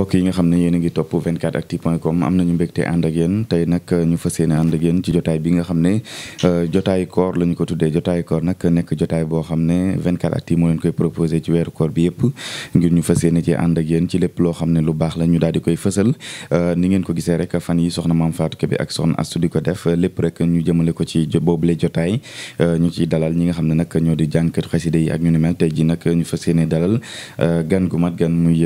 mbokk yi nga xam ne yéen ngi topp 24actu point com am nañu tey nag ñu fas yéene ànd ak yéen ci bi nga xam ne euh, jotaay koor la ñu ko tuddee jotaay koor nag nekk jotaay boo xam ne 24actu moo ci weeru koor bi yëpp ngir ñu fas yéene ci ànd ak ci lépp loo xam ne lu baax la ñu daal di koy fësal euh, ni ngeen ko gisee rek fan yi soxna Maam Fatou Kébé ak soxna Astu di ko def lépp rek ñu jëmale ko ci boobule jotaay euh, ñu ciy dalal ñi nga xam ne nag ñoo di jànkat xasida yi ak ñu ni mel tey ji nag ñu fas yéene dalal gan gu mat gan muy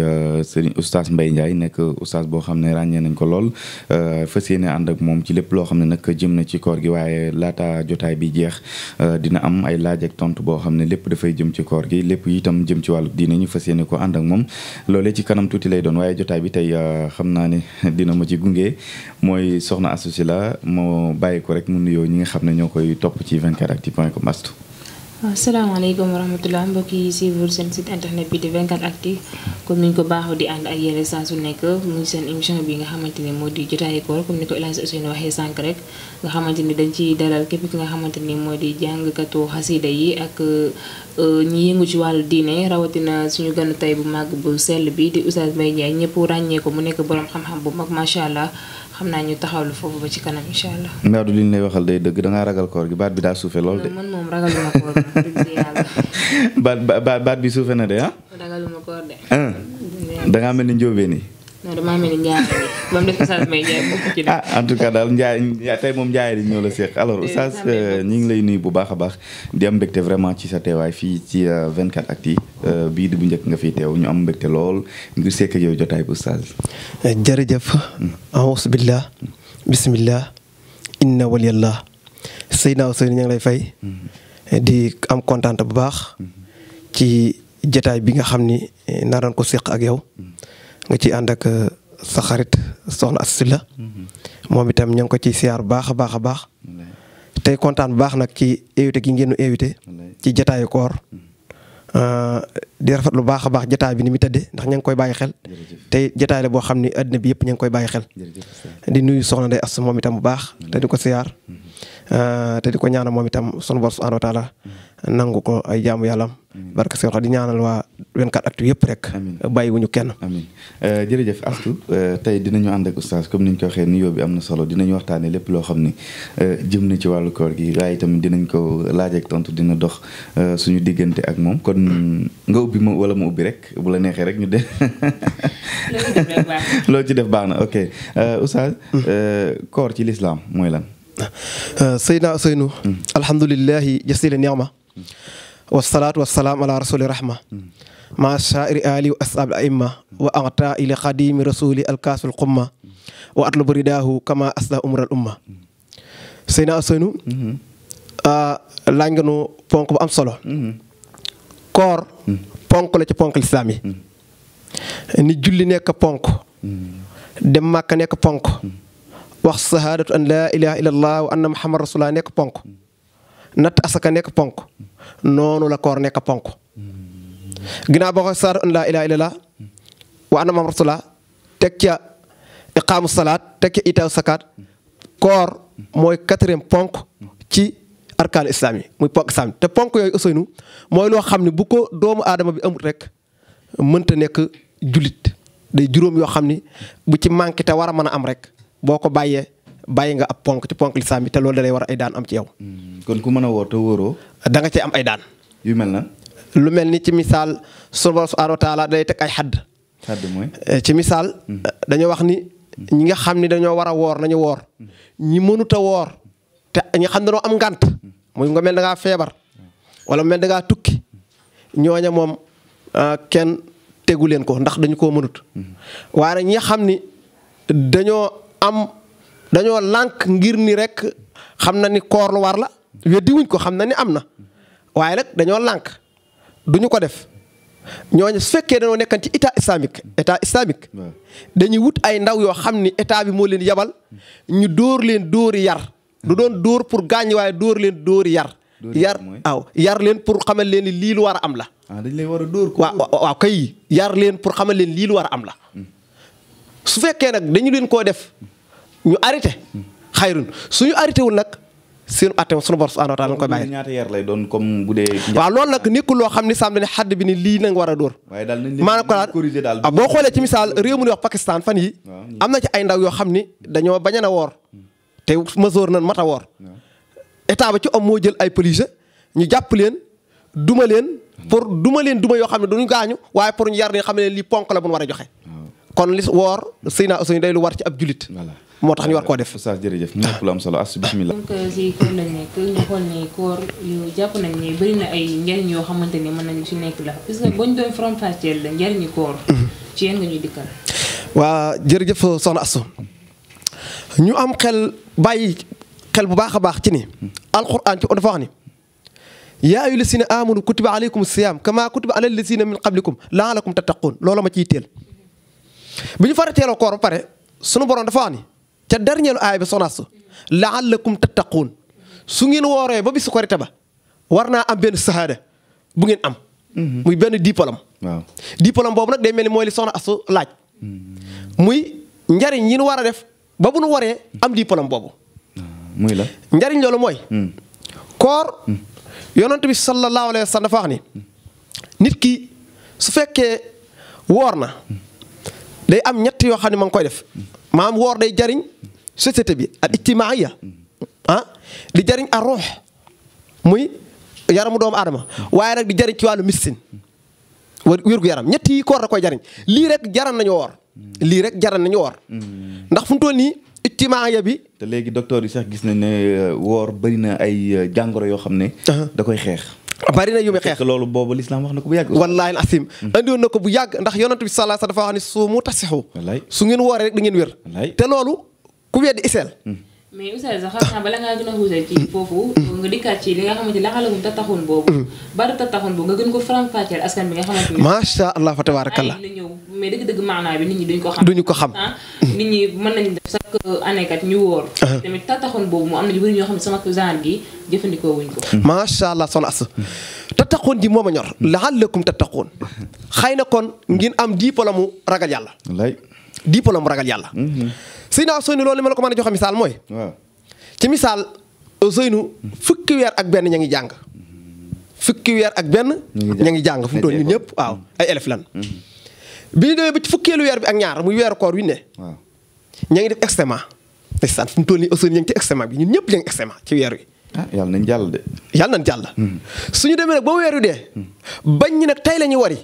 sëriñ oustaz Mbaye Mbaye Ndiaye nekk oustaz boo xam ne ràññee nañ ko lool euh, fas yéene ànd ak moom ci lépp loo xam ne nag jëm na ci koor gi waaye laata jotaay bi jeex euh, dina am ay laaj tontu boo xam ne lépp dafay jëm ci koor gi lépp itam jëm ci wàllu diine ñu fas yéene ko ànd ak moom loolee ci kanam tuuti lay doon waaye jotaay bi tey euh, xam naa ne dina ma ci gunge mooy soxna Astou la moo bàyyi ko rek mu nuyoo ñu nga xam ne ñoo koy topp ci 24actu point com Astou asalaamaaleykum wa rahmatulah mbokk yi suivre seen site internet bi di 24actu comme ni ñu ko baaxoo di ànd ak yéen saa su nekk muy seen émission bi nga xamante ni moo di jotaayu koor comme ni ko El Hadj Ousseynou waxee sànq rek nga xamante ni dañ ciy dalal képp ki nga xamante ni moo di jàngkatu xasida yi ak euh, ñi yëngu ci wàllu diine rawatina suñu ganu tey bu màgg bu sell bi di Oustaz Mbaye Ndiaye ñëpp ràññee ko mu nekk boroom xam-xam bu mag macha allah. xam naa ñu taxawlu foofu ba ci kanam incha allah. Mbaa du li ñu waxal day dëgg da ragal koor gi baat bi daa suufe lool de. man moom ragaluma baat bi suufe na de ah. ragaluma ah, mel ni njóobeen yi non damaa ah en tout cas daal Ndiaye tey moom Ndiaye dañu ñëw la seq alors oustaz euh, ñu ngi lay nuyu bu baax a baax di am mbégte vraiment ci sa teewaay fii ci 24 euh, actu yi euh, bii di bu njëkk nga fi teew ñu am mbégte lool ngir seq yow jotaay bu oustaz. jërëjëf. Hmm. auzu billah bismillah inna waliyallah Seydina Ousseynou ñu ngi lay fay. Hmm. di am kontaan bu baax. Hmm. ci jotaay bi nga xam ni eh, naroon ko seq ak yow. nga ci ànd ak euh, sa xarit soxna Astou la mm-hmm. moom itam ña ngi ko ci siyaar baax a baax a baax tey kontaan bu baax nag ci invité ki ngeen invité ci jataayu koor mm-hmm. euh, di rafet lu baax a baax jataay bi ni mu tëddee ndax ña ngi koy bàyyi xel tey jataay la boo xam ni àddina bi yëpp ña ngi koy bàyyi xel di nuyu soxna Ndeye as moom itam bu baax te ko siyaar mm-hmm. euh, te di ko ñaana moom itam sunu borom subhanahu wa taala nangu ko ay jaamu yàlla barke si di ñaanal waa 24 actu yëpp rek. bàyyiwuñu kenn. amiin euh, jërëjëf Astou euh, tey dinañu ànd ak oustaz comme ni ñu ko waxee nuyoo bi am na solo dinañu waxtaanee lépp loo xam ni euh, jëm na ci wàllu koor gi waaye tamit dinañ ko laaj ak tontu dina dox suñu diggante ak moom kon nga ubbi ma wala ma ubbi rek bu la neexee rek ñu de. loolu ci def baax na ok oustaz. Hmm. koor ci lislaam mooy lan. Seydina Seynou. Hmm. alhamdulilah jasiila ma wasalaatu wasalaam ala rasuli rahma ma shaa'iri ali wa aimma wa ata ili xadimi rasuli alkaasul qumma wa atlubu ridaahu kama asla umral umma Seyna Ousseynou laaj ponk bu am solo koor ponk la ci ponk lislaam yi ni julli nekk ponk dem màkka nekk ponk wax sahaadatu an laa ilaha illa wa anna muhammad rasulullah nekk ponk natt asaka nekk ponk noonu la koor nekk ponk ginaa boo ko saatu an laa ilaaha illallaah wa anna muhammadan teg ca iqaamu salaat teg ca itaaw sakaat koor mooy quatrième ponk ci arkaanu islaam yi muy ponk islaam te ponk yooyu Ousseynou mooy loo xam ne bu ko doomu aadama bi amut rek mënta nekk jullit day juróom yoo xam ni bu ci manqué te war a mën a am rek boo ko bàyyee bàyyi nga ab ponk ci ponk lislaam bi te loolu da lay war ay daan am ci yow. Hmm, kon ku mën a woo te wóoroo. da nga am ay daan. yu mel na. lu mel ni ci misaal subhaanahu wa taala day teg ay xadd. xadd mooy. Eh, ci misaal. Hmm. dañoo wax ni ñi nga xam ne dañoo war a woor nañu woor hmm. ñi mënut a woor te ñi xam ne am ngànt mu nga mel da ngaa feebar wala mel da ngaa tukki ñooña moom eh, kenn tegu leen ko ndax dañu koo mënut waaye ñi xam ni dañoo am. dañoo lànk ngir ni rek xam na ni koor lu war la weddi wuñ ko xam na ni am na waaye nag dañoo lànk duñu ko def ñooñu su fekkee dañoo nekkan ci état islamique état islamique dañuy wut ay ndaw yoo xam ni état bi moo leen yabal ñu dóor leen dóori yar du hmm. doon dóor pour gaañ waaye dóor leen dóori yar yar waaw yar leen pour xamal leen ni lii lu war a am la ah, dañ lay war a dóor ko waaw yar leen pour xamal leen lii lu war a am la hmm. su fekkee nag dañu leen koo def ñu arrêté xayrun suñu arrêté wul nag seen atte suñu bor subhanahu wa taala koy bàyyi ñaata yar lay doon comme bu dee waaw loolu nag nekkul loo xam ne sàmm ne xadd bi ni lii nanga war a dóor maanaam ko daal boo xoolee ci misaal réew mu ñuy wax Pakistan fan yi am na ci ay ndaw yoo xam ni dañoo bañan a woor hmm. te masoor nan mat a woor hmm. état ba ci am moo jël ay policier ñu jàpp leen duma leen hmm. pour duma leen duma yoo xam ne duñu gaañu waaye pour ñu yar ne xam ne lii ponk la bu ñu war a joxe kon li woor sëy naa day lu war ci ab julit moo tax ñu war koo def. oustaz jërëjëf ñëpp lu am solo as bismillah. donc si koor lañ nekk ñu xool koor yu jàpp nañ ne bëri na ay njariñ yoo xamante ni mën nañu si nekk la parce que buñ doon faram fàcceel la njariñu koor. Mm-hmm. ci yéen nga ñuy dikkal. waa jërëjëf soxna Asou ñu am xel bàyyi xel bu baax a baax ci ni. Mm-hmm. alquran ci dafa wax ni. yaa ayyuha llazina amanu kutiba alaykum siyaam kama kutiba ala llazina min qablikum laalakum tattaqun loolu ma ciy teel. Mm-hmm. bi ñu farateeloo koor ba pare sunu borom ca dernier aaya bi sonaas laallakum tattaquun su ngeen wooree ba bisu korite ba war naa am benn sahaada bu ngeen am. Mhm. muy benn diplôme. waaw boobu nag day mel ni mooy li soxna asu laaj. Mhm. muy njariñ yi ñu war a def ba bu nu waree am diplôme boobu. Ah, muy la njariñ loolu mooy. Mm. koor mm. yonent bi sallallahu alayhi wa sallam dafa nit ki su fekkee woor na mm. day am ñetti yoo xam ne ma ngi koy def maam woor day jariñ. société bi al ijtimaaya ah di jëriñ a ruux muy yaramu doomu aadama waaye nag di jëriñ ci wàllu missin wérgu yaram ñett yi koor da koy jariñ lii rek jaran nañu woor lii rek jaran nañu woor ndax fu mu toll nii ijtimaaya bi te léegi docteur yi sax gis nañ ne euh, woor bëri na ay euh, jàngoro yoo xam ne uh-huh. da koy xeex bari na yu muy xeex loolu boobu lislaam wax na ko bu yàgg wallaahi asim mm-hmm. andi woon na ko bu yàgg ndax yonent bi sallallahu alayhi wasallam dafa wax ne suumu tasixu su ngeen wooree rek da ngeen wér te loolu ku weddi isel. mais Oustaz sax xam naa bala ngaa gën a xuusee ci foofu. nga dikkaat ci li nga xamante ne laxalagum tattaxoon boobu. Mm-hmm. bari boobu nga gën ko faram-fàcceel askan bi nga xamante ne. macha allah fa tabaarakallah la ñëw dëgg-dëgg maanaa ñi duñ ko xam. ko xam ah, nit ñi mën uh-huh. boobu mu am na ñu bëri ñoo xam sama genre gi jëfandikoo wuñ ko. Mm-hmm. macha allah soxna Assa. Mm-hmm. tattaxoon ji moo ma ñor. laxalakum tattaxoon. xëy na kon ngir am mu ragal yàlla. diplôme ragal yàlla Seydina Ousseynou loolu li ma la ko mën a joxe misaal mooy. ci misaal Ousseynou fukki weer ak benn ña ngi jàng. fukki weer ak benn. ña ngi jàng fu mu toll ñun ñëpp waaw mm-hmm. ay élèves lan. Mm-hmm. bi ñu demee ba fukkeelu weer bi ak ñaar muy weeru koor wi ne. ña ngi def examen. ndeysaan fu mu tool nii Ousseynou ña ci examen bi ñun ñëpp ña ngi examen ci weer wi. ah yàlla nañ jàll de. yàlla nañ jàll. Mm-hmm. suñu demee nag ba weer wi dee. bañ ñi nag tey la ñu wari.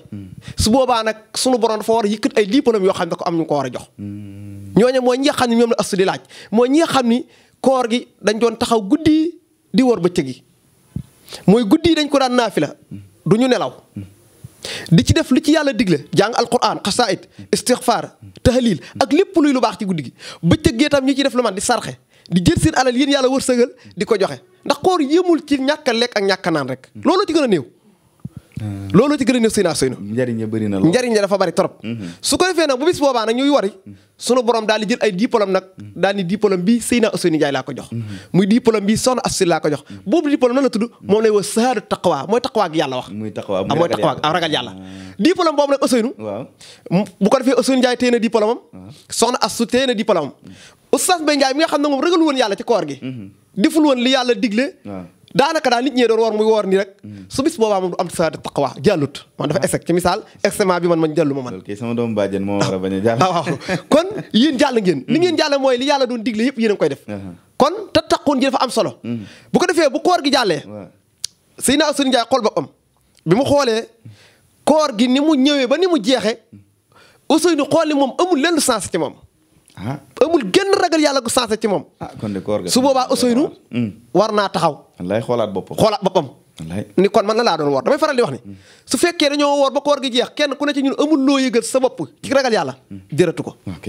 su boobaa nag sunu borom foo war a yëkkat ay diplôme yoo xam ne ko am ñu ko war a jox. ñooñu mooy ñi xam ne ñoom la astu di laaj mooy ñi xam ni koor gi dañ doon taxaw guddi di wor bëccëg yi mooy guddi dañ ko daan naafi la du ñu nelaw di ci def lu ci yàlla digle jàng al alquran xasaayid istixfaar tahlil ak lépp luy lu baax ci guddi gi bëccëg yi tam ñu ci def lu man di sarxe di jël seen alal yéen yàlla wërsëgal di ko joxe ndax koor yëmul ci ñàkk lekk ak ñàkk naan rek loolu ci gën a néew Hmm. loolu ci gën a néew Seydina Seynu njariñ na lool njariñ dafa bëri trop hmm. su ko defee na bu bis boobaa ñuy wari hmm. sunu borom daal di jël ay diplôme nag daal ni diplôme bi Seydina Ousseynou Ndiaye laa ko jox muy diplôme bi Soxna Astou laa ko jox boobu diplôme nan la tudd moom lay wax sahaadu taqwa mooy ak yàlla wax ah, mooy taqwa ak ah, ragal yàlla ko defee Ousseynou Ndiaye téye na diplôme am Soxna Astou téye na diplôme am Oustaz Mbaye Ndiaye mi nga xam ne moom ragal woon yàlla ci koor gi deful woon li yàlla digle daanaka daal nit ñee doon woor muy woor nii rek hmm. su bis boobaa moom du am tisaare taqwa jàllut man dafa hmm. échec ci misaal exement bi man man jàllu ma man a bañ a ah, kon yéen jàll ngeen li hmm. ngeen jàll mooy li yàlla doon digle yëpp yéen a ngi koy def kon te taqoon ji dafa am solo bu ko defee bu koor gi jàllee sëy naa Sëriñ Njaay xool boppam bi mu xoolee koor gi ni mu ñëwee ba ni mu jeexe Ousseynou xool ni moom amul lenn sens ci moom amul génn ragal yàlla gu sensé ci moom. ah kon de koor ga su boobaa Ousseynou. Hmm. war naa taxaw. wallaay xoolaat boppam xoolaat boppam. ni kon man na laa doon woor damay faral di wax ni. Hmm. su fekkee dañoo woor ba koor gi jeex kenn ku ne ci ñun amul loo yëgal sa bopp ci ragal yàlla. Hmm. jërëtu ko. ok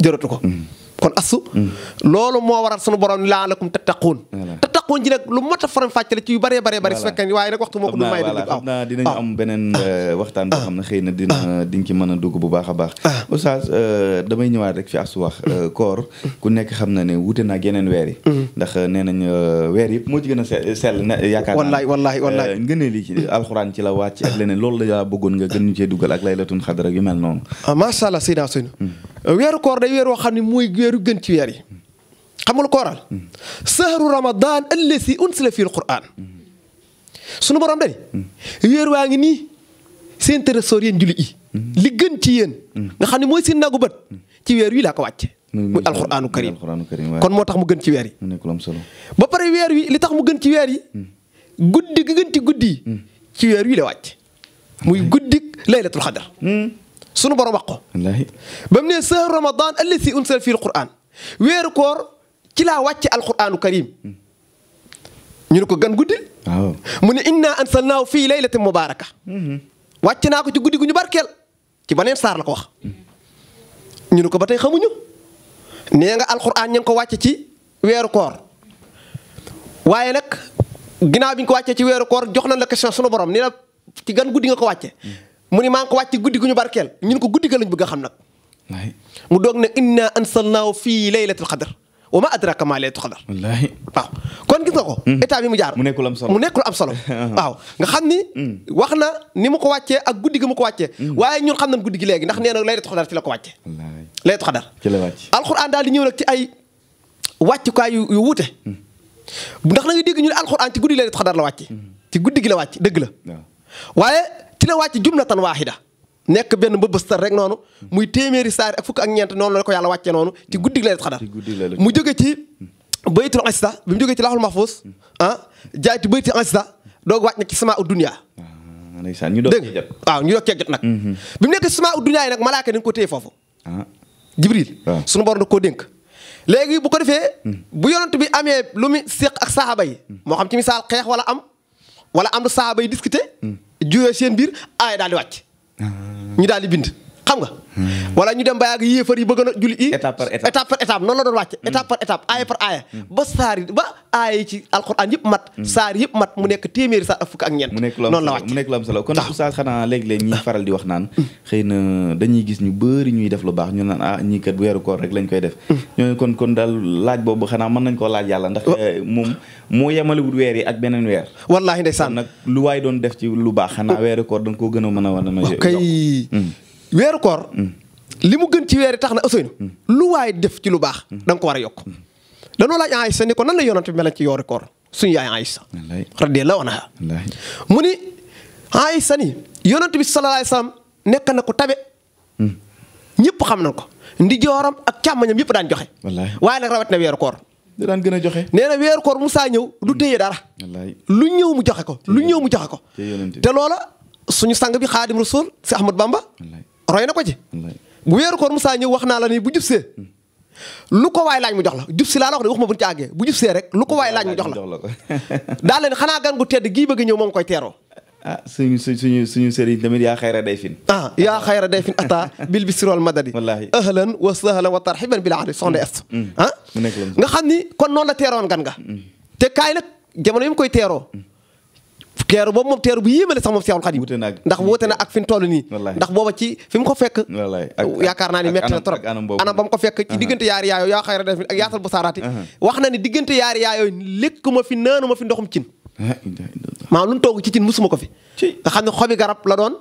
jëratu ko. Mm. kon asu. Mm. loolu moo waral sunu borom laalakum tattaquun. tattaquun ji nag a faram fàccale ci yu bëree bëree bëri. su fekkee ni waaye nag waxtu moo ko du may. dugg xam naa ah. dinañu ah. am beneen ah. euh, waxtaan boo xam ne xëy na dina di nga ci mën a dugg bu baax a baax. oustaz euh, damay ñëwaat rek fi asu wax. Euh, mm. koor ku nekk xam na ne wuute na ak yeneen weer yi. ndax nee nañ weer yëpp moo ci gën na yaakaar naa. wallaay wallaay wallaay ngëneel yi ci la wàcc ak leneen loolu la bëggoon nga gën ñu cee dugal ak la xadar ak yu mel noonu. macha allah weeru koor day weer woo xam ne mooy weeru gën ci weer yi xam nga lu ko waral sahru ramadan allasi unsila fii alquran sunu borom dani weer waa ngi nii seen tërësoor yéen julli yi li gën ci yéen nga xam ne mooy seen nagu bët ci weer wi laa ko wàcce muy alquranu karim kon moo tax mu gën ci weer yi ba pare weer wi li tax mu gën ci weer yi guddi ci guddi mm. ci weer wi la wàcc muy guddi laylatul xadar mm. sunu borom wax ko. wallaahi ba mu ne sahru ramadan allasi unsila fii alquran weeru koor ci laa wàcce alquranu karim mm. ñu ne ko gan guddil. mu ne inna ansalnaahu fii laylatin mubaaraka. Mm-hmm. wàcce naa ko ci guddi gu ñu barkeel ci baneen saar la ko wax. Mm. ñu ne ko ba tey xamuñu nee nga alquran ña ko wàcce ci weeru koor waaye nag ginnaaw bi ñu wàccee ci koor jox na la question sunu borom nee na ci gan guddi nga ko wàcce mm. mu ni maa ngi ko wàcc guddi gu ñu barkeel ñun ko guddi ga lañ bëgg a xam nag mu doog ne inna ansalnaahu fii laylatil qadr wa ma adraka ma laylatul qadr wallaahi waaw kon gis nga ko mm. état bi mu jaar mu nekkul am solo mu nekkul am solo uh-huh. waaw nga xam ni mm. wax na ni mu ko wàccee ak guddi gi mu ko wàccee mm. waaye ñun xam nañ guddi gi léegi ndax nee na laylatul qadr ci la ko wàccee laylatul qadr ci la wàcc alxuraan daal di ñëw nag ci ay wàccukaay yu wuute ndax na nga dégg ñu ne alxuraan ci guddi laylatul qadr la wàcce ci guddi gi la wàcc dëgg la dina wàcc jumlatan waahida nekk benn mbëbëstal rek noonu muy téeméeri saar fukk ak ñeent noonu la ko yàlla wàccee noonu ci guddig laylatul qadar mu jóge ci baytul ansita bi mu jógee ci laaxul mahfuz hmm. ah jaay ci baytul ansita doog wàcc nag ci sama u dunya ah, dégg nga waaw ñu doog cee jot nag hmm, hmm. bi mu nekk ci sama u dunya yi nag malaaka nañ ko téye foofu ah. jibril ah. sunu borom da koo dénk léegi bu ko defee bu yonent bi amee lu mu séq ak saxaaba moo xam ci misaal xeex wala am wala am lu saxaaba yi discuter juyee seen biir aaya daal di wàcc. Ah. ñu daal di bind. xam nga. wala ñu dem ba yàgg yéefar yi bëgg na julli yi. étape par étape étape par étape noonu la doon wàcc. Hmm. étape par étape aaya par aaya. Hmm. ba saar ba aaya ci alxuraan yëpp mat. Hmm. saar yëpp mat mu nekk téeméeri saar ak fukk ak ñeent. noonu la wàcc mu nekk lu am solo kon oustaz xanaa léeg-léeg ñuy faral di wax naan. xëy na ñu bëri lu baax ñu naan ah ñii kat bu weeru koor rek lañ koy def. ñooñu kon kon daal laaj boobu xanaa mën nañ koo laaj yàlla ndax eh, moom moo yemalewul weer yi ak beneen weer. wallaahi ndeysaan nag lu waay doon def ci lu baax xanaa weeru koor dañ koo gën a mën a wan weeru koor li mu gën ci weer tax na Ousseynou lu waaye def ci lu baax da ko war a yokk danoo laaj Aïssa ni ko nan la yonante bi mel ci yoori koor suñu yaay Aïssa radiyallahu anha mu ni Aïssa ni yonante bi sallallahu alayhi wasallam nekk na ko tabe ñëpp xam na ko ndi jooram ak càmmañam ñëpp daan joxe waaye nag rawat na weeru koor da daan gën a joxe nee na weeru koor musaa ñëw du téye dara lu ñëw mu joxe ko lu ñëw mu joxe ko te loola suñu sang bi xaadim rasul si Ahmad Bamba roy na ko ci. bu weeru koor Moussa ñëw wax naa la ni bu jub lu ko waay laaj mu jox la jub laa la wax de waxuma bu ñu ci àggee bu jub rek lu ko waay laaj mu jox la daal leen xanaa gan gu tedd gii bëgg ñëw moom koy teeroo. ah suñu suñu suñu sëriñ tamit yaa xayra day fin ah yaa xayra day fin ata bil bisri wal madadi wallaahi ahlan wa sahlan wa tarxiban bil est mm. Mm. Ah? nga xam ni kon noon la teeroon gan nga mm. te kaay nag jamono yi mu koy teeroo teeru boobu moom teeru bu yéeme la sax moom Seexul Xadim ndax woote na ak fi mu nii ndax booba ci fi mu ko fekk yaakaar naa ni metti na trop anam ba mu ko fekk ci diggante yaari yaayoo yaa xayra def ak yaatal bu saaraati wax na ni diggante yaari yaayoo lekk ma fi naanu ma fi ndoxum cin maa lu mu toog ci cin musuma ko fi nga xam ne xobi garab la doon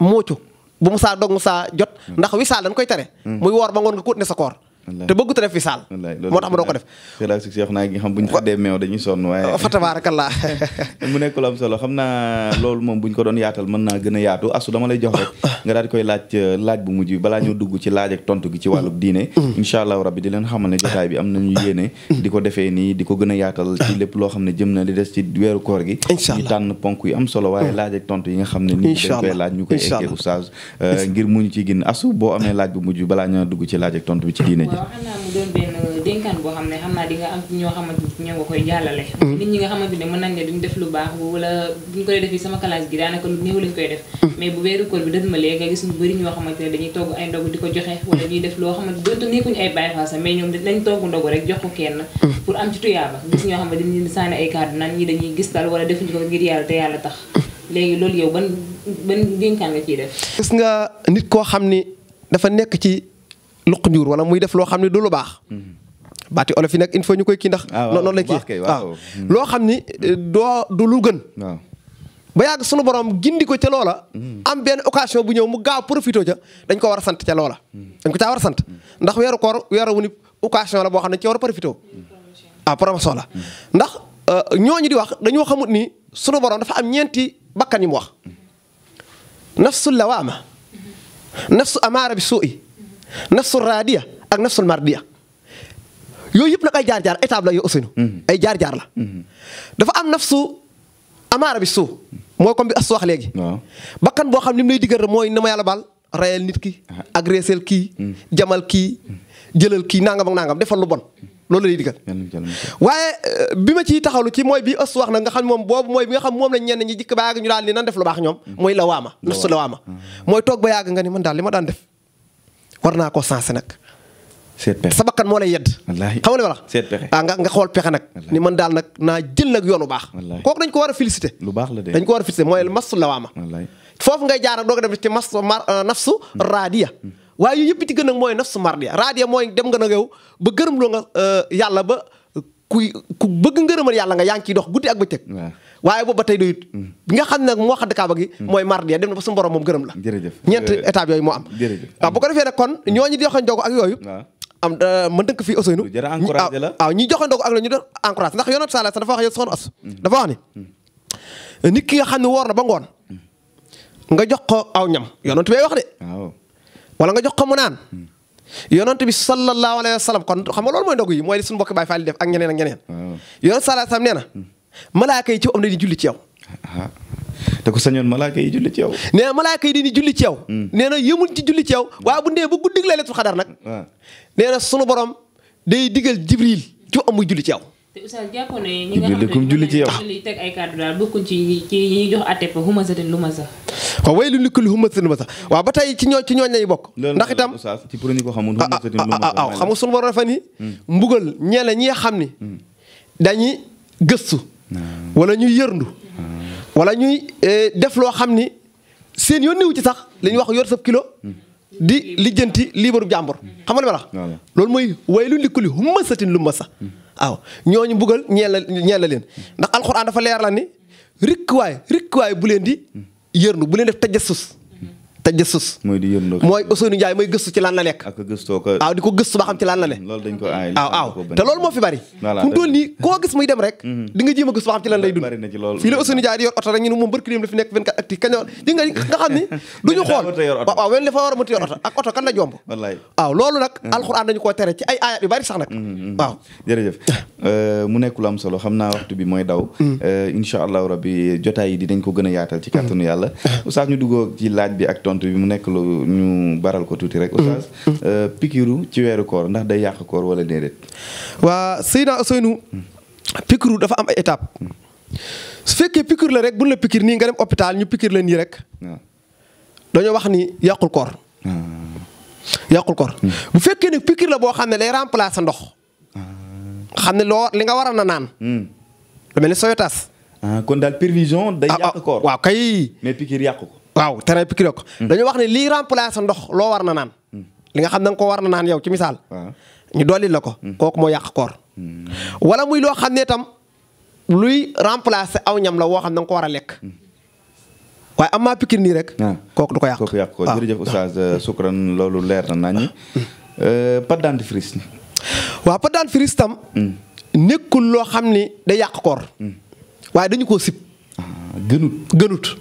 moocu bu mu saa dog mu saa jot hmm. ndax wi saa dañ koy tere hmm. muy woor ba ngoon nga ko ne sa koor te bëggut a def fi moo tax mu doo ko def xam bu ñu mu nekk lu am solo xam naa loolu moom bu ñu ko doon yaatal mën naa gën a yaatu asu dama lay jox rek ah, ah. nga daal di koy laaj euh, laaj bu mujj bi balaa gi ci wàllu mm. diine mm. incha allah rabbi di leen xamal ne jotaay bi am mm. di ko defee nii a yaatal ci lépp loo xam ne na li des ci weeru koor gi ñu tànn yi nga xam ne ni dañ koy laaj ñu koy ekkee oustaz euh, ngir ci gin asu boo dugg ci laaj ak bi ci diine ji waaw xam naa mu doon benn dénkaan boo xam ne xam naa di mm-hmm. mm-hmm. mm-hmm. am ci ñoo xam ni dafa nekk ci luq njuur wala muy def loo xam ne du lu baax. Mm-hmm. baati olof yi nag il ñu koy kii ndax. Ah, waaw la kii waaw loo xam ni eh, doo du lu gën. ba yàgg sunu borom gindi ko ca loola. Mm-hmm. am benn occasion bu ñëw mu gaaw profité ca dañ ko war a sant ca loola. Mm-hmm. dañ ko a sant ndax weeru koor weeru wu ni occasion la boo xam ne dañ cee war a profité. ah promotion la ndax eh, ñooñu di wax dañoo xamut ni sunu borom dafa am ñeenti bakkan yu mu wax. nafsul lawaama. nafsu amaara bi suu'i nafsul raadiya ak nafsul mardiya yooyu yëpp nag ay jaar-jaar étape la yoo usinu mhm. ay jaar-jaar la mhm. dafa am nafsu amaara bi suu mooy comme bi as wax léegi bakkan boo xam ni mu lay diggal mooy na ma yàlla baal nit ki agressel ah. kii mhm. kii jëlal kii nangam ak nangam defal lu bon loolu lay diggal waaye euh, bi ma ciy taxawlu ci mooy bi ës na nga xam moom boobu mooy bi nga xam moom lañ ñenn ñi jikk ba yàgg ñu daal ni nan def lu baax ñoom mooy la waama nafsu la waama mooy toog ba yàgg nga ni man daal li ma daan def war naa ko sensé nag. seet pexe sa moo lay yedd. wallaahi xam nga seet pexe ah nga nga xool pexe nag. ni man daal nag naa jël nag yoonu baax. wallaahi kooku dañ ko war a félicité. lu baax la de dañ koo war a félicité mooy masu lawaama. wallaahi foofu ngay jaar ak doog a dem ci masu mar euh, nafsu hmm. raadiya. Hmm. waaye yooyu yëpp ci gën nag mooy nafsu mardiya raadiya mooy dem nga nag yow ba gërëm loo nga euh, yàlla ba kuy ku bëgg ngërëmal yàlla nga yaa ngi ciy dox guddi ak bëccëg. waaye boobu ba tey doyut bi nga xam ne moo xadd kaaba gi mooy mardiya dem na ba su moom gërëm la ñeent euh, étape yooyu moo am waaw bu ko defee nag kon ñooñu di joxe ndogu ak yooyu am euh, ma dëkk fii Ousseynou waaw ñi joxe ndogu ak la ñu doon encourage ndax yonent sala sa dafa wax yow ni nit ki nga xam ne woor na ba ngoon nga jox ko aw ñam yoon bay wax wala nga jox ko mu naan yonent bi sallallahu alayhi wa sallam kon xam nga loolu mooy ndogu yi mooy suñu mbokki Baay Faal yi def ak ñeneen ak ñeneen yonent sala sam nee na malaaka yi ci am dañuy julli ci yaw ah, te ko sañoon malaaka yi julli ci yow. nee na malaaka yi dañuy julli ci yow. Mm. nee na yëmul ci julli ci yow mm. waaye bu ndee ba guddig laylatul xadar nag. Ah. nee na sunu borom day digal jibril ci am muy julli ci yow. te Oustaz jàppoon ne ñi nga xam ne julli ci yow teg ay kàddu daal bokkuñ ci ci ñi jox àtte ba humazatin lumazah. waaw waaw ba tey ci ñoo ci ñooñ lay bokk. ndax itam ci pour ñu ko xamul ah, humazatin lumazah waaw xam nga sunu borom dafa ni mm. mbugal ñeneen ñi nga xam ni dañuy gëstu wala ñuy yërndu wala ñuy eh, def loo xam ni seen yoon niwu ci sax li wax yor sab kilo di lijjanti liibaru jàmbur xam nga li ma la loolu mooy way lu likku li hummasatin lu ma sax waaw ñooñu mbugal ñeel la ñeel la leen ndax alxuraan dafa leer la ni rikk waay rikk waay bu leen di yërndu bu leen def tajassus te jësus mooy di yëndoo mooy Ousseynou Ndiaye mooy gëstu ci lan la nekk ak gëstoo ko waaw di ko gëstu ba xam ci lan la ne loolu te loolu moo fi bari fu mu nii koo gis muy dem rek mhm. di nga a gëstu ba xam ci lan lay dund bari fii la Ousseynou ni a nekk lu solo xam naa waxtu bi mooy daw mhm. euh, insha allahu rabbi jotaay di dañ ko gën a yaatal ci kàttanu mhm. yàlla oustaz ñu duggoo ci laaj bi ak tontu tontu bi mu nekk lu ñu baral ko tuuti rek. oustaz mm, mm. euh, pikiru ci weeru koor ndax day yàq koor wala déedéet. waa Seydina Ousseynou. Mm. pikiru dafa am ay étape. su fekkee pikir la rek buñ la pikir nii nga dem hôpital ñu pikir la nii rek. Ah. dañoo wax ni yàqul koor. Ah. yàqul koor bu fekkee ne pikir la boo xam ne day remplacer ndox. Ah. xam ne loo li nga war na naan. lu mel ni soyotaas. kon daal prévision day yàq koor waaw kay. mais pikir yàq waaw tere piqûre ko dañu wax ne lii remplacer ndox loo war na naan li nga xam da nga ko war na naan yow ci misaal ñu dolli la ko hmm. kooku moo yàq koor hmm. wala muy loo xam ne tam luy remplacer aw ñam la woo xam na nga ko war a lekk hmm. waaye am maa piqûre nii rek ah. kooku du ko yàq kooku yàq ko ah. jërëjëf oustaz ah. euh, sukran loolu leer na naññi euh, pâte dentifrice waaw pâte dentifrice tam nekkul loo xam ni day yàq koor waaye dañu koo sib gënut gënut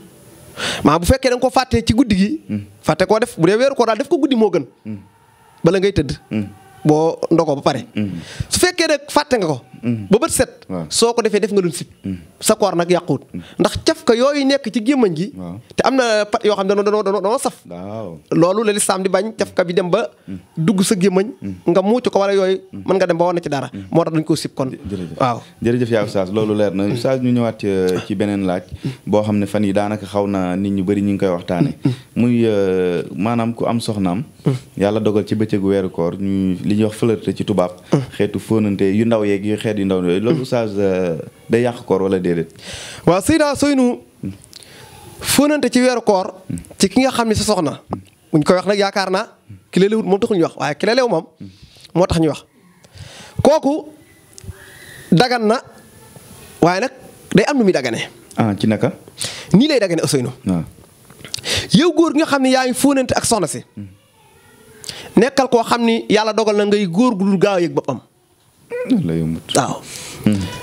maa bu fekkee da nga ko fàttee ci guddi gi. Hmm. fàtte koo def bu dee weeru ko daal def ko guddi moo gën. Hmm. bala ngay tëdd. Hmm. boo ndogoo ba pare. su fekkee nag fàtte nga ko. ba bët set. soo ko defee def nga lu sib sa koor nag yàquut. Mm. ndax caf ka yooyu nekk ci gémmañ gi. te am na pat yoo xam ne danoo danoo danoo saf. loolu la lislaam di bañ caf ka bi dem ba mm. dugg sa gémmañ mm. nga muucu ko wala yooyu mën nga dem ba wane ci dara. moo tax duñ ko sib kon. waaw jërëjëf yaa Oustaz loolu leer na Oustaz ñu ñëwaat euh, ci beneen laaj. boo xam ne fan yi daanaka xaw na nit ñu bëri ñu ngi koy waxtaane muy euh, maanaam ku am soxnaam. yàlla dogal ci bëccëgu weeru koor ñu li ñuy wax flirt ci tubaab. xeetu fóonante yu ndaw yeeg xeet yu ndaw euh, day yàq koor wala déedéet ci weeru koor ci ki nga xam ne sa soxna buñ koy wax nag yaakaar naa ki moom taxul ñu wax waaye ki moo tax ñu wax kooku dagan na waaye nag day am nu muy dagane ah ci naka nii lay dagane Ousseynou ah. yow góor gi nga xam ne yaa ngi ak soxna si nekkal koo xam ni yàlla dogal na ngay góor gu dul gaaw yëg boppam waaw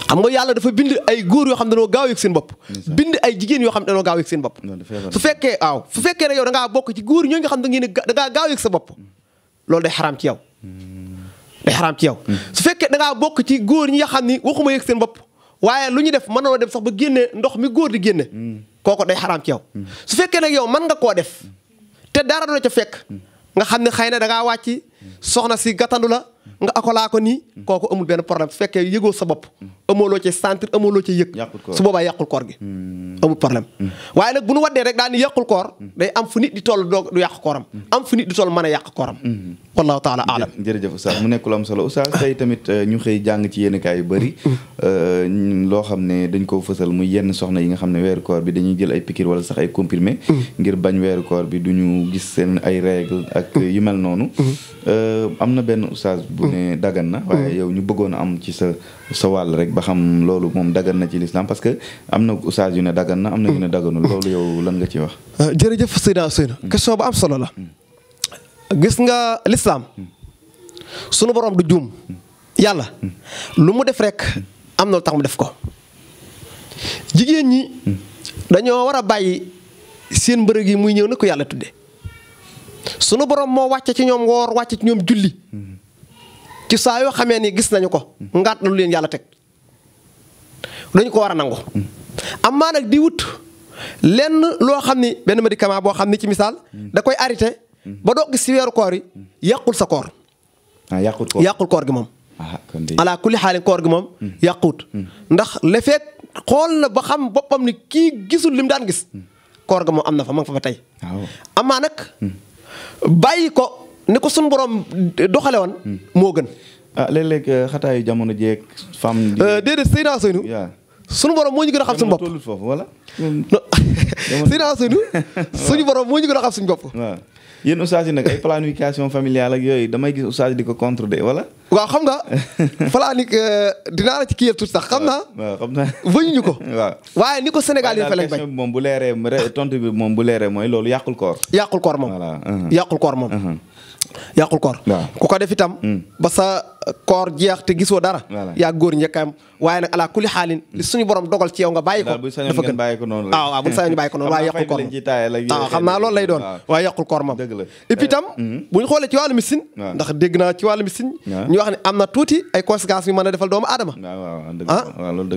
xam nga yàlla dafa bind ay góor yoo xam ne dañoo gaaw yëg seen bopp bind ay jigéen yoo xam ne dañoo gaaw yëg seen bopp su fekkee waaw fekkee ne yow da ngaa bokk ci góor ñoo nga xam da ngeen da ngaa gaaw loolu day xaraam ci yow hmm. yow hmm. su fekkee da bokk ci góor ñi nga xam ni waxuma yëg seen bopp waaye lu ñu def mën na def sax ba génne ndox mi góor di génne hmm. kooku day xaraam ci yow su fekkee nag yow man nga koo def te dara du la ca fekk nga xam ne xëy na da wàcc soxna si gàttandu la nga akolaa ko ni kooku amul benn problème su fekkee yëgoo sa bopp amooloo ci centre amooloo ci yëg su boobaa yàqul koor gi hmm. amul problème hmm. waaye nag bu nu waddee rek daal ni yàqul koor hmm. day am fu nit di toll du yàq kooram am fu nit di toll mën a yàq kooram wallahu taala alam jërëjëf oustaz mu nekk lu am solo oustaz tey tamit euh, ñu xëy jàng ci yenn yu bëri euh, loo xam ne dañ koo fësal muy yenn soxna yi nga xam ne weeru koor bi dañuy jël ay piqûre sax ay comprimé ngir bañ weeru koor bi duñu gis seen ay règle ak yu mel noonu euh, am na benn oustaz bu ne dagan na waaye yow ñu bëggoon a am ci sa sa wàll rek ba xam loolu moom daggan na ci lislaam parce que am na oustaz yu ne dagan na am na yu ne daganul loolu yow lan nga ci wax. Euh, jërëjëf Seydina Ousseynou hmm. question bu am solo la. gis nga lislaam hmm. sunu borom du juum. Hmm. yàlla lu mu def rek am na lu tax mu def ko. jigéen ñi dañoo war a bàyyi seen mbërëg yi muy ñëw na ko yàlla tudde sunu borom moo wàcce ci ñoom woor wàcce ci ñoom julli. ci saa yoo xamee ni gis nañu ko ngaat na leen yàlla teg dañu ko war a nangu amaa nag di wut lenn loo xam ni benn médicament boo xam ni ci misaal da koy arrêté ba doo gis si weeru koor yi yàqul sa koor ah, yàqul koor gi moom ah, alaa kulli xaalin koor gi moom hmm. yàquut hmm. ndax le xool na ba xam boppam ni kii gisul lim daan gis hmm. koor ga moom am na fa ma nga fa ba tey ah, amaa nag bàyyi ko ni ko suñu borom doxale woon hmm. moo gën. ah léeg-léeg euh, xataayu jamono jeeg femme. Euh, déedéet Seydina Seynu. suñu borom moo ñu gën a xam suñu bopp tollu foofu wala. Seydina Seynu suñu borom moo ñu gën a xam suñu bopp. yéen oustaz yi nag ay planification familiale ak yooyu damay gis oustaz di ko contredé wala. waaw xam nga planique euh, dinaa la ci kii tuuti sax xam na waaw xam naa vëñuñu ko. waaw waaye ni ko Sénégal yi fa lañ bañ bi moom bu leeree tontu bi moom bu leeree mooy loolu yàqul koor. yàqul koor moom voilà. Uh-huh. yàqul koor moom. Uh-huh. yàqul koor. ko def itam. Mm. ba koor jeex te gisoo dara. yaa góor njëkkaam waaye nag ala kulli xaalin. li hmm. suñu borom dogal ci yow nga bàyyi ko. dafa gën ah waaw bu ko noonu waaye yàqul ah, xam naa loolu lay doon waaye yàqul koor ma et puis hmm. bu ñu xoolee ci wàllu misin ndax dégg naa ci wàllu misin ñu wax ne am na tuuti ay conséquences yu mën a defal doomu aadama ah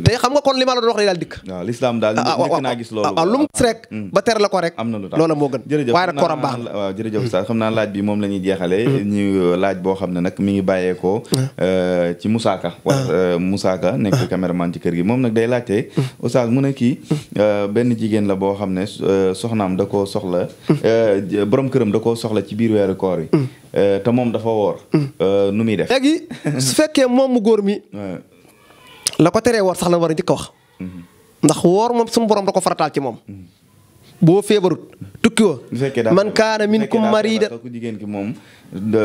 te xam nga kon li ma la doon wax day dikk waaw l'islam daal ah, nekk ah, naa gis loolu waaw hmm. lu ko rek am na lu tax loola moo gën waaye nag kooram baax waaw jërëjëf sa xam naa laaj bi moom la ñuy jeexale mm-hmm. ñu laaj boo xam ne nag mi ngi bàyyeekoo mm-hmm. Euh, ci Moussa Ka wa ah. euh, Moussa nekk ah. caméraman ci kër gi moom nag day laajte mm. oustaz mu ne kii mm. euh, benn jigéen la boo xam ne soxnaam da koo soxla mm. borom këram da koo soxla ci biir weeru koor yi te moom dafa woor nu muy def léegi su fekkee moom mu góor mi la ko teree woor sax la war a njëkk a wax mm-hmm. ndax woor moom suñu da ko farataal ci moom boo feebarut tukki woo. man kaana min kum marida ku jigéen ki moom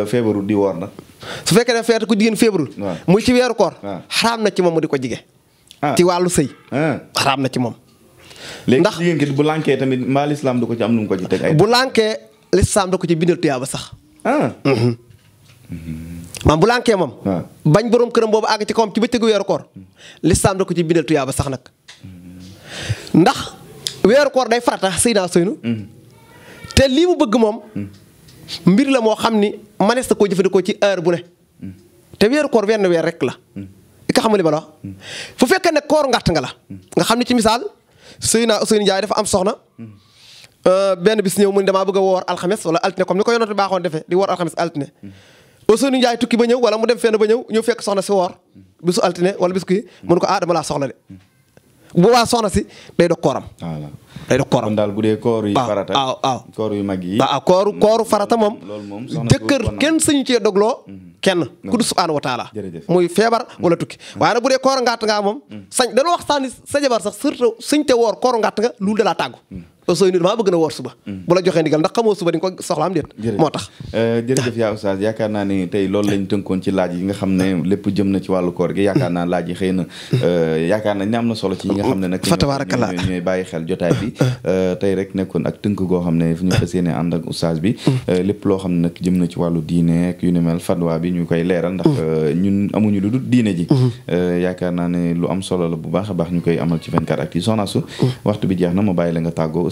feebarut di woor na. su fekkee dafa feebar ku jigéen feebarut. muy ci weeru koor. xaraam na ci moom mu di ko jige ah. ci wàllu sëy. Ah. xaraam na ci moom. ndax léegi jigéen bu lànkee tamit mbaa lislaam du ko ci am nu ko ci teg ay. bu lànkee lislaam ko ci bindal tuyaaba sax. Ah. Mhm. maam bu lànkee moom. bañ borom këram boobu àgg ci kawam ci bëccëgu weeru koor lislaam da ko ci bindal tuyaaba sax nag mhm. ndax. weeru koor day farata Seydina Seynu mm-hmm. te lii mu bëgg moom mm-hmm. mbir la moo xam ni manees na koo jëfandikoo ci heure bu ne mm-hmm. te weeru koor wenn weer rek la i ka xam li ma la wax fu fekkee ne koor ngàtt nga la nga xam ne ci misaal Seydina Ousseynou Ndiaye dafa am soxna euh, benn bis ñëw mu ne damaa bëgg a woor alxames wala altine comme ni ko yonante baaxoon defee di woor alxames altine Ousseynou Ndiaye tukki ba ñëw wala mu dem fenn ba ñëw ñëw fekk soxna si woor bisu altine wala bisu kii mu ko ah laa soxla de bu waa soxna si day dox kooram. day dox kooram kon daal bu dee koor yu farata waaw waaw yu mag yi. waaw kooru mm. farata moom. loolu moom jëkkër kenn sañu cee dogloo. Mm-hmm. kenn ku du subhaana wa taala muy feebar wala tukki mm-hmm. waaye bu dee kooru ngàtt ngaa moom. Mm. sañ dañoo wax sax ni sax surtout suñ te woor kooru ngàtt nga loolu da laa Ousseynou damaa bëgg na woor suba mm. bu la joxee ndigal ndax xamoo suba di nga ko soxla am déet moo tax euh, jërëjëf yaa oustaz yaakaar naa ne tey loolu lañ tënkoon ci laaj yi nga xam ne lépp jëm na ci wàllu koor gi yaakaar naa laaj yi xëy na euh, yaakaar nañ ne am na solo ci yi nga xam ne nag fatabaarakallah ñooy bàyyi xel jotaay bi euh, tey rek nekkoon ak tënk goo xam ne fu ñu fas yéene ànd ak bi mm. lépp loo xam ne nag jëm na ci wàllu diine ak yu ne mel fatwa bi ñu koy leeral ndax mm. ñun amuñu lu dul diine ji mm-hmm. yaakaar naa ne lu am solo la bu baax a baax ñu koy amal ci 24 actu soxna su waxtu bi jeex na ma bàyyi la nga tàggoo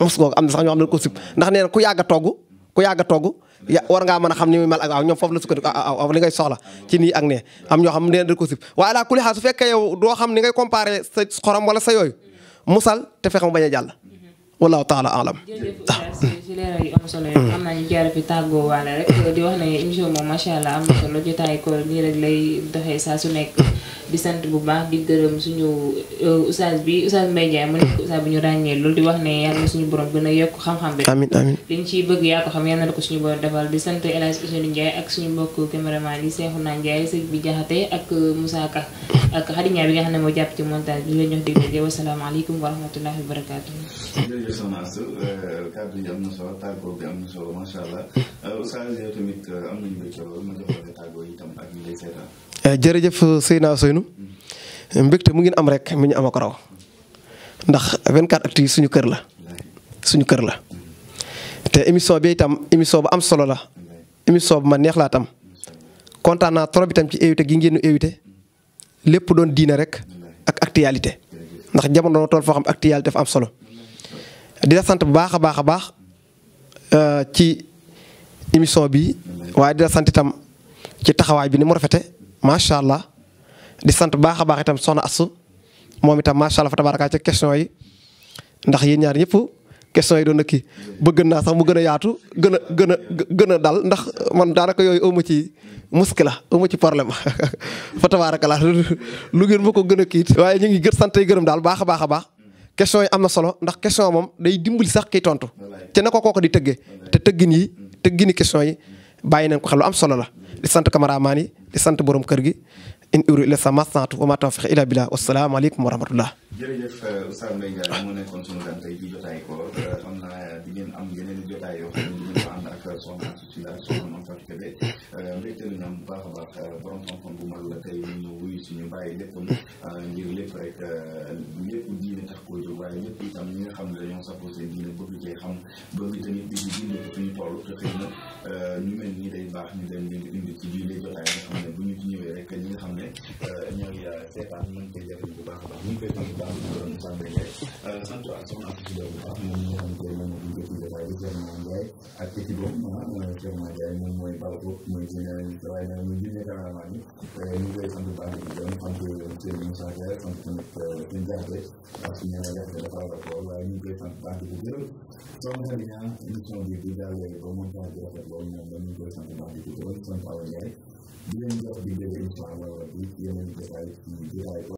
mos googu am ko sib ndax nee ku yàgg a ku yàgg a war ngaa mën a xam ni muy mel ak waaw ñoom foofu ah, ah, ah, ngay soxla ci nii ak ne xam ne ko sib waaye laa kuli xaa su fekkee yow xam ni ngay comparé sa xorom wala sa yooyu musal te fexe mu bañ a jàll wallahu taala alam. Ah. ci leeral yu am solo yi mm. am naa ñu jaar fi tàggoo waale rek mm. di wax na émission moom macha allah am na solo mm. jotaay ko nii rek lay doxee saa su nekk di sant bu baax di gërëm suñu euh, oustaz bi oustaz Mbaye Ndiaye mu nekk oustaz bu ñu ràññee loolu di wax ne yàlla suñu borom gën a yokk xam-xam bi amiin amiin liñ ciy bëgg yaa ko xam yàlla na ko suñu borom defal di sant El Hadj Ousseynou ak suñu mbokk caméraman yi Seexuna Ndiaye sëñ bi Jaxate ak euh, musa Ka ak Xadi bi nga xam ne moo jàpp ci montage bi ñu leen jox dig daje wasalaamaaleykum wa Soxna euh, kàddu yi am na solo euh, euh, mu ngeen am rek mi ñu am ak raw ndax 24 actu yi suñu kër la suñu kër la te émission bi itam émission bu am solo la émission bu ma neex laa tam kontaan naa trop itam ci invité gi ngeen ñu invité lépp doon diine rek ak actualité ndax jamono tool foo xam actualité dafa am solo. di la sant bu baax a baax a baax euh, ci émission bi waaye di la sant itam ci taxawaay bi ni mu rafete macha allah di sant bu baax a baax itam soxna Asou moom itam macha allah fa tabaaraka ca question yi ndax yéen ñaar ñëpp question yi doon na kii gën naa sax mu gën a yaatu gën a gën a gën a dal ndax man daanaka yooyu amu ci muskila amu ci problème fa tabaaraka la lu ngeen ma ko gën kiit waaye ñu ngi gër sant yi gërëm daal baax a baax a baax. question yi am na solo ndax question moom day dimbali sax kiy tontu te na ko kook di tëggee te tëggin yi tëggini question yi bàyyi nañ ko xel lu am solo la di sant cameraman yi di sant borom kër gi in uridu illa mastata'tu wa ma tawfiqi illa billah wasalaamu aleykum wa son intitulation moom Fatou Kébé mbégtali ñoom bu baax a baax borom xam-xam bu mag la tey ñu ñëw wuyu si ñu bàyyi lépp ngir lépp rek lépp diine tax koo waaye lépp itam ñi nga xam ne dañoo sàppoo seen diine di diine ko ñu toll te xëy na ñu mel nii day ñu nga xam ne ñu ci ñëwee rek ñi nga xam bu baax a baax ñu koy sant baax di gërëm Moussa Mbengue sant ak moom ñi nga xam ne moom bu njëkk jotaay bi Thierno Ndiaye ak équipe Thierno Ndiaye moom mooy a mooy généraliste waaye nag ñu génne cameraman yi ñu ngi lay sant baax di gërëm sant seen Moussa Diagne sant tamit seen jaxte ak suñu jaxte dafa rapport waaye ñu ngi koy sant baax di gërëm soxna Sabina émission bi bu jàllee ba montage bi rafet loolu moom dañu koy sant baax di gërëm sant Awa